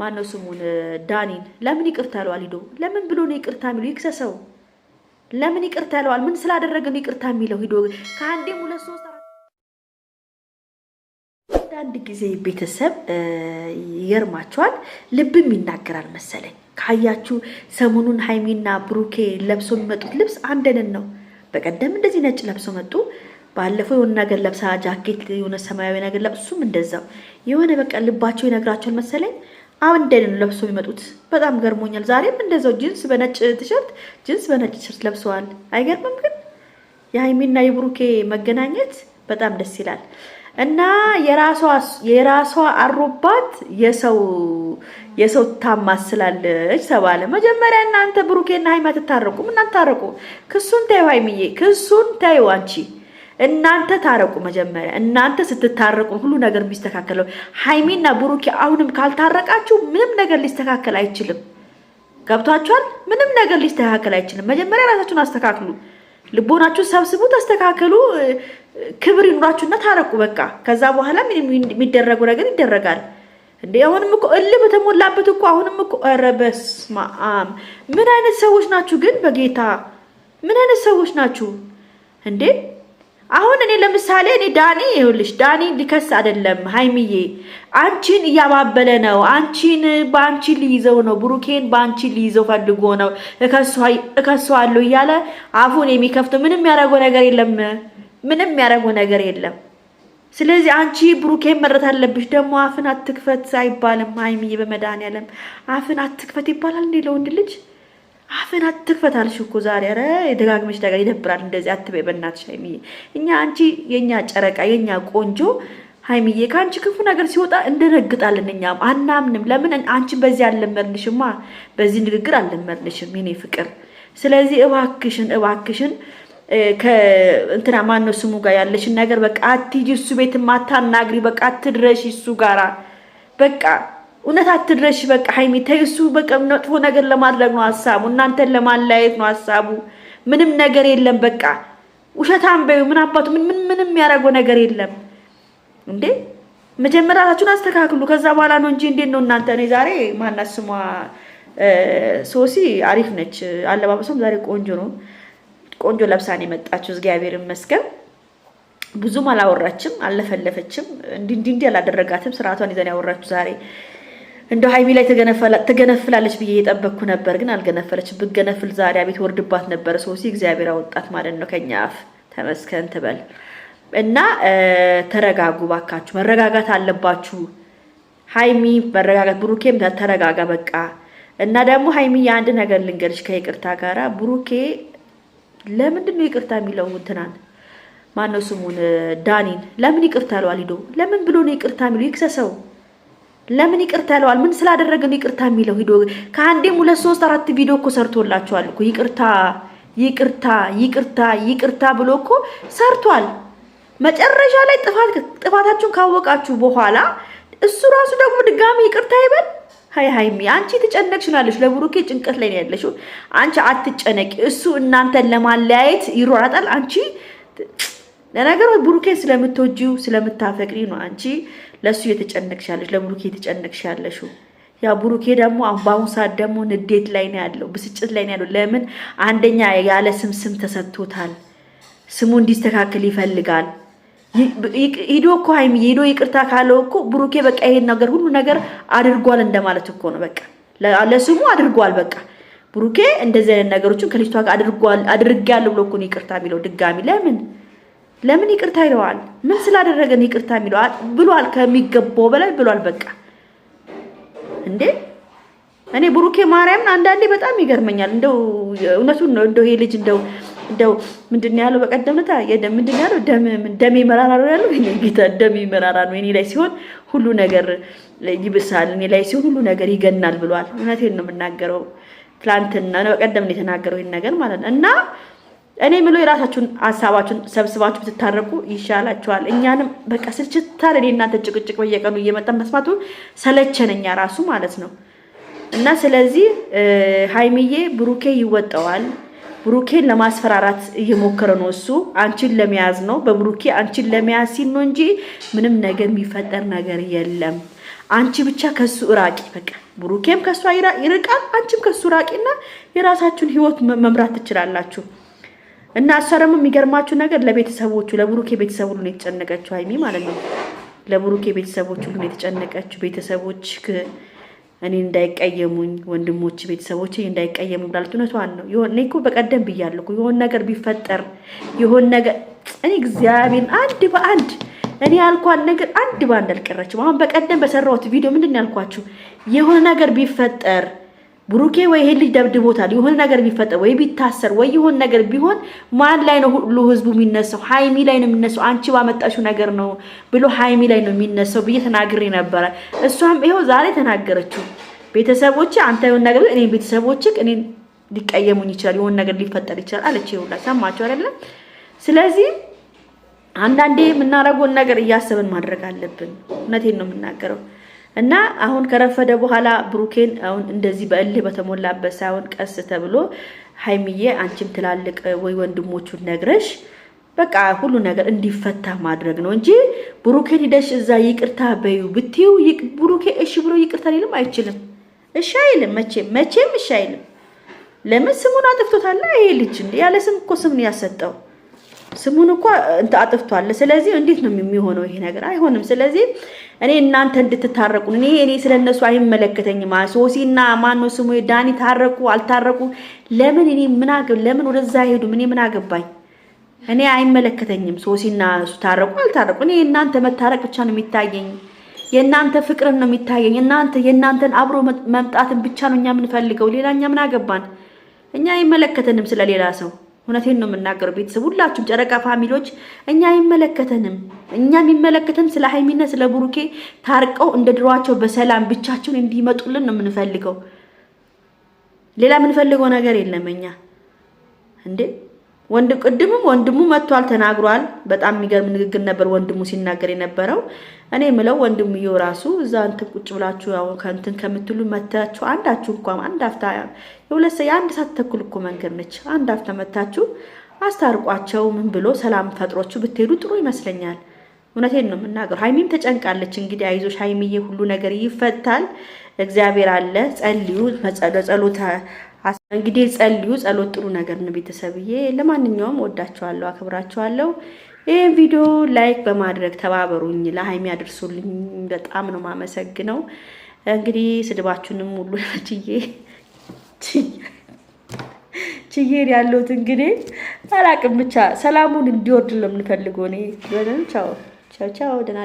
ማነው ስሙን ዳኒን ለምን ይቅርታ ያለዋል? ሂዶ ለምን ብሎ ነው ይቅርታ የሚለው? ይክሰሰው። ለምን ይቅርታ ያለዋል? ምን ስላደረገ ነው ይቅርታ የሚለው? ሂዶ ከአንዴም ሁለት ሶስት አንድ ጊዜ ቤተሰብ ይገርማቸዋል። ልብም ይናገራል መሰለኝ። ካያችሁ ሰሞኑን ሀይሚና ብሩኬ ለብሶ የሚመጡት ልብስ አንደንን ነው። በቀደም እንደዚህ ነጭ ለብሶ መጡ። ባለፈው የሆነ ነገር ለብሳ ጃኬት የሆነ ሰማያዊ ነገር ለብሱም እንደዛው የሆነ በቃ ልባቸው ይነግራቸዋል መሰለኝ አብንዴ ነው ለብሶ የሚመጡት። በጣም ገርሞኛል። ዛሬም እንደዛው ጂንስ በነጭ ቲሸርት፣ ጂንስ በነጭ ቲሸርት ለብሰዋል። አይገርምም? ግን የሀይሚና የብሩኬ መገናኘት በጣም ደስ ይላል እና የራሷ አሮባት የሰው የሰው ታማስላለች ተባለ። መጀመሪያ እናንተ ብሩኬና ሀይሚ አትታረቁም? እናንተ ክሱን ተይው ሀይሚዬ፣ ክሱን ተይው አንቺ እናንተ ታረቁ። መጀመሪያ እናንተ ስትታረቁ ሁሉ ነገር የሚስተካከለው። ሀይሚና ብሩኬ አሁንም ካልታረቃችሁ ምንም ነገር ሊስተካከል አይችልም። ገብቷችኋል? ምንም ነገር ሊስተካከል አይችልም። መጀመሪያ ራሳችሁን አስተካክሉ፣ ልቦናችሁን ሰብስቡ፣ ተስተካከሉ፣ ክብር ይኑራችሁና ታረቁ። በቃ ከዛ በኋላ የሚደረጉ ነገር ይደረጋል። እንዴ አሁንም እኮ እልህ በተሞላበት እኮ አሁንም እኮ ኧረ በስመ አብ! ምን አይነት ሰዎች ናችሁ ግን? በጌታ ምን አይነት ሰዎች ናችሁ እንዴ? አሁን እኔ ለምሳሌ እኔ ዳኒ ይኸውልሽ፣ ዳኒ ሊከስ አይደለም ሀይሚዬ፣ አንቺን እያባበለ ነው። አንቺን በአንቺ ሊይዘው ነው፣ ብሩኬን በአንቺ ሊይዘው ፈልጎ ነው። እከሷለሁ እያለ አፉን የሚከፍተው ምንም ያደረገው ነገር የለም፣ ምንም ያደረገው ነገር የለም። ስለዚህ አንቺ ብሩኬን መረት አለብሽ። ደግሞ አፍን አትክፈት አይባልም ሀይሚዬ፣ በመድኃኒዓለም አፍን አትክፈት ይባላል እንደ ለወንድ ልጅ አፍን አትክፈት አልሽ እኮ ዛሬ። ኧረ የደጋግመሽ ዳጋ ይደብራል። እንደዚህ አትበይ በእናትሽ ሀይሚዬ። እኛ አንቺ የእኛ ጨረቃ የእኛ ቆንጆ ሀይሚዬ ከአንቺ ክፉ ነገር ሲወጣ እንደነግጣለን። እኛም አናምንም። ለምን አንቺን በዚህ አልለመድንሽማ፣ በዚህ ንግግር አልለመድንሽም የኔ ፍቅር። ስለዚህ እባክሽን እባክሽን ከእንትና ማነው ስሙ ጋር ያለሽን ነገር በቃ አትሂጂ፣ እሱ ቤት ማታናግሪ፣ በቃ አትድረሽ እሱ ጋራ በቃ እውነት አትድረሽ። በቃ ሀይሚ ተይሱ። በቃ መጥፎ ነገር ለማድረግ ነው ሀሳቡ፣ እናንተን ለማለያየት ነው ሀሳቡ። ምንም ነገር የለም። በቃ ውሸታም በዩ ምን አባቱ ምን ምን ምንም ያደረገው ነገር የለም እንዴ። መጀመሪያ ራሳችሁን አስተካክሉ። ከዛ በኋላ ነው እንጂ እንዴት ነው እናንተ። እኔ ዛሬ ማናት ስሟ ሶሲ አሪፍ ነች። አለባበሷም ዛሬ ቆንጆ ነው። ቆንጆ ለብሳን የመጣችው እግዚአብሔር ይመስገን። ብዙም አላወራችም፣ አልለፈለፈችም። እንዲህ እንዲህ አላደረጋትም። ስርዓቷን ይዘን ያወራችሁ ዛሬ እንደ ሀይሚ ላይ ትገነፍላለች ብዬ የጠበኩ ነበር፣ ግን አልገነፈለች። ብገነፍል ዛሬ ቤት ወርድባት ነበረ። ሶሲ እግዚአብሔር አወጣት ማለት ነው ከኛ አፍ። ተመስገን ትበል እና ተረጋጉ ባካችሁ፣ መረጋጋት አለባችሁ። ሀይሚ መረጋጋት፣ ብሩኬም ተረጋጋ በቃ። እና ደግሞ ሀይሚ የአንድ ነገር ልንገርሽ ከይቅርታ ጋራ ብሩኬ ለምንድን ነው ይቅርታ የሚለው እንትናን ማነው ስሙን ዳኒን ለምን ይቅርታ አለዋል አሊዶ ለምን ብሎ ነው ይቅርታ የሚለው ይክሰሰው ለምን ይቅርታ ይለዋል? ምን ስላደረገ ነው ይቅርታ የሚለው ሂዶ ከአንዴም ሁለት ሶስት አራት ቪዲዮ እኮ ሰርቶላችኋል እኮ ይቅርታ ይቅርታ ይቅርታ ይቅርታ ብሎ እኮ ሰርቷል። መጨረሻ ላይ ጥፋታችሁን ካወቃችሁ በኋላ እሱ ራሱ ደግሞ ድጋሚ ይቅርታ ይበል። ሀይ ሀይሚ አንቺ የተጨነቅሽ ነው ያለሽ፣ ለብሩኬ ጭንቀት ላይ ነው ያለሽው። አንቺ አትጨነቂ። እሱ እናንተን ለማለያየት ይሯራጣል። አንቺ ለነገሩ ብሩኬን ስለምትወጂው ስለምታፈቅሪ ነው አንቺ ለእሱ እየተጨነቅሽ ያለሽ ለብሩኬ እየተጨነቅሽ ያለሽው ያ ብሩኬ ደግሞ በአሁኑ ሰዓት ደግሞ ንዴት ላይ ነው ያለው፣ ብስጭት ላይ ነው ያለው። ለምን አንደኛ ያለ ስም ስም ተሰጥቶታል። ስሙ እንዲስተካከል ይፈልጋል። ሂዶ እኮ ሀይሚ ሂዶ ይቅርታ ካለው እኮ ብሩኬ በቃ ይሄን ነገር ሁሉ ነገር አድርጓል እንደማለት እኮ ነው። በቃ ለስሙ አድርጓል። በቃ ብሩኬ እንደዚህ አይነት ነገሮችን ከልጅቷ ጋር አድርጓል አድርጌያለሁ ብሎ እኮ ነው ይቅርታ የሚለው ድጋሚ ለምን ለምን ይቅርታ ይለዋል? ምን ስላደረገን ይቅርታ የሚለዋል? ብሏል፣ ከሚገባው በላይ ብሏል። በቃ እንዴ እኔ ብሩኬ ማርያምን አንዳንዴ በጣም ይገርመኛል። እንደው እውነቱን ነው። እንደው ይሄ ልጅ እንደው እንደው ምንድን ያለው በቀደም ዕለት ምንድን ያለው ደም መራራ ነው ያለው። እኔ ጌታ ደም ይመራራ ነው እኔ ላይ ሲሆን ሁሉ ነገር ይብሳል፣ እኔ ላይ ሲሆን ሁሉ ነገር ይገናል ብሏል። እውነቴን ነው የምናገረው። ትላንትና ነው በቀደም ነው የተናገረው ይሄን ነገር ማለት ነው እና እኔ ምሎ የራሳችሁን ሀሳባችሁን ሰብስባችሁ ብትታረቁ ይሻላችኋል። እኛንም በቃ ስልችታል። እኔ እናንተ ጭቅጭቅ በየቀኑ እየመጣን መስማቱ ሰለቸነኛ ራሱ ማለት ነው። እና ስለዚህ ሀይሚዬ ብሩኬ ይወጣዋል። ብሩኬን ለማስፈራራት እየሞከረ ነው። እሱ አንቺን ለመያዝ ነው። በብሩኬ አንቺን ለመያዝ ሲል ነው እንጂ ምንም ነገር የሚፈጠር ነገር የለም። አንቺ ብቻ ከሱ ራቂ። በቃ ብሩኬም ከሱ ይርቃል፣ አንቺም ከሱ እና የራሳችሁን ህይወት መምራት ትችላላችሁ። እና እሷ ደግሞ የሚገርማችሁ ነገር ለቤተሰቦቹ ለብሩኬ ቤተሰብ ሁሉ ነው የተጨነቀችው፣ ሀይሚ ማለት ነው። ለብሩኬ ቤተሰቦች ሁሉ ነው የተጨነቀችው። ቤተሰቦች እኔ እንዳይቀየሙኝ ወንድሞች ቤተሰቦች እንዳይቀየሙ ብላለች። እውነቷን ነው። እኔ እኮ በቀደም ብያለሁ፣ የሆን ነገር ቢፈጠር የሆን ነገር እኔ እግዚአብሔር አንድ በአንድ እኔ ያልኳት ነገር አንድ በአንድ አልቀረችም። አሁን በቀደም በሰራሁት ቪዲዮ ምንድን ነው ያልኳችሁ? የሆነ ነገር ቢፈጠር ብሩኬ ወይ ይሄን ልጅ ደብድቦታል፣ የሆነ ነገር ቢፈጠር ወይ ቢታሰር ወይ የሆነ ነገር ቢሆን ማን ላይ ነው ሁሉ ህዝቡ የሚነሳው? ሀይሚ ላይ ነው የሚነሳው። አንቺ ባመጣሽው ነገር ነው ብሎ ሀይሚ ላይ ነው የሚነሳው ብዬ ተናግሬ ነበረ። እሷም ይኸው ዛሬ ተናገረችው። ቤተሰቦች አንተ የሆነ ነገር እኔ ቤተሰቦች እኔ ሊቀየሙኝ ይችላል፣ የሆነ ነገር ሊፈጠር ይችላል አለች። ይሁላ ሰማቸው አይደለም? ስለዚህ አንዳንዴ የምናደርገውን ነገር እያሰብን ማድረግ አለብን። እውነቴን ነው የምናገረው። እና አሁን ከረፈደ በኋላ ብሩኬን አሁን እንደዚህ በእልህ በተሞላበት ሳይሆን ቀስ ተብሎ ሀይሚዬ አንቺም ትላልቅ ወይ ወንድሞቹን ነግረሽ በቃ ሁሉ ነገር እንዲፈታ ማድረግ ነው እንጂ ብሩኬን ሂደሽ እዛ ይቅርታ በዩ ብትዩ ብሩኬ እሺ ብሎ ይቅርታ ሊልም አይችልም። እሺ አይልም። መቼም መቼም እሺ አይልም። ለምን ስሙን አጥፍቶታል ይሄ ልጅ። ያለ ስም እኮ ስም ነው ያሰጠው። ስሙን እኮ አጥፍቷል። ስለዚህ እንዴት ነው የሚሆነው ይሄ ነገር? አይሆንም። ስለዚህ እኔ እናንተ እንድትታረቁ እኔ እኔ ስለ እነሱ አይመለከተኝም። ሶሲና ማነው ስሙ ዳኒ ታረቁ አልታረቁ ለምን እኔ ምን ለምን ወደዛ ሄዱ እኔ ምን አገባኝ? እኔ አይመለከተኝም። ሶሲና እሱ ታረቁ አልታረቁ እኔ እናንተ መታረቅ ብቻ ነው የሚታየኝ። የእናንተ ፍቅርን ነው የሚታየኝ። እናንተ የእናንተን አብሮ መምጣትን ብቻ ነው እኛ የምንፈልገው። ሌላ እኛ ምን አገባን? እኛ አይመለከተንም ስለሌላ ሰው እውነቴን ነው የምናገረው። ቤተሰብ ሁላችሁም ጨረቃ ፋሚሊዎች እኛ አይመለከተንም። እኛ የሚመለከተን ስለ ሀይሚና ስለ ብሩኬ ታርቀው እንደ ድሯቸው በሰላም ብቻቸውን እንዲመጡልን ነው የምንፈልገው። ሌላ የምንፈልገው ነገር የለም እኛ እንዴ ወንድ ቅድምም ወንድሙ መጥቷል ተናግሯል። በጣም የሚገርም ንግግር ነበር ወንድሙ ሲናገር የነበረው። እኔ ምለው ወንድሙ ይው ራሱ እዛ እንትን ቁጭ ብላችሁ ያው ከእንትን ከምትሉ መታችሁ አንዳችሁ እንኳን አንድ አፍታ የሁለት የአንድ ሰዓት ተኩል እኮ መንገድ ነች። አንድ አፍታ መታችሁ አስታርቋቸው ምን ብሎ ሰላም ፈጥሮችሁ ብትሄዱ ጥሩ ይመስለኛል። እውነቴን ነው የምናገሩ። ሀይሚም ተጨንቃለች። እንግዲህ አይዞሽ ሀይሚዬ፣ ሁሉ ነገር ይፈታል። እግዚአብሔር አለ። ጸልዩ፣ ጸሎት እንግዲህ ጸልዩ። ጸሎት ጥሩ ነገር ነው ቤተሰብዬ። ለማንኛውም ወዳችኋለሁ፣ አክብራችኋለሁ። ይህን ቪዲዮ ላይክ በማድረግ ተባበሩኝ፣ ለሀይሚ ያደርሱልኝ። በጣም ነው ማመሰግነው። እንግዲህ ስድባችሁንም ሁሉ ችዬ ችዬን ያለሁት እንግዲህ አላቅም ብቻ ሰላሙን እንዲወርድ ለምንፈልገው እኔ ቻው ቻው ቻው ደህና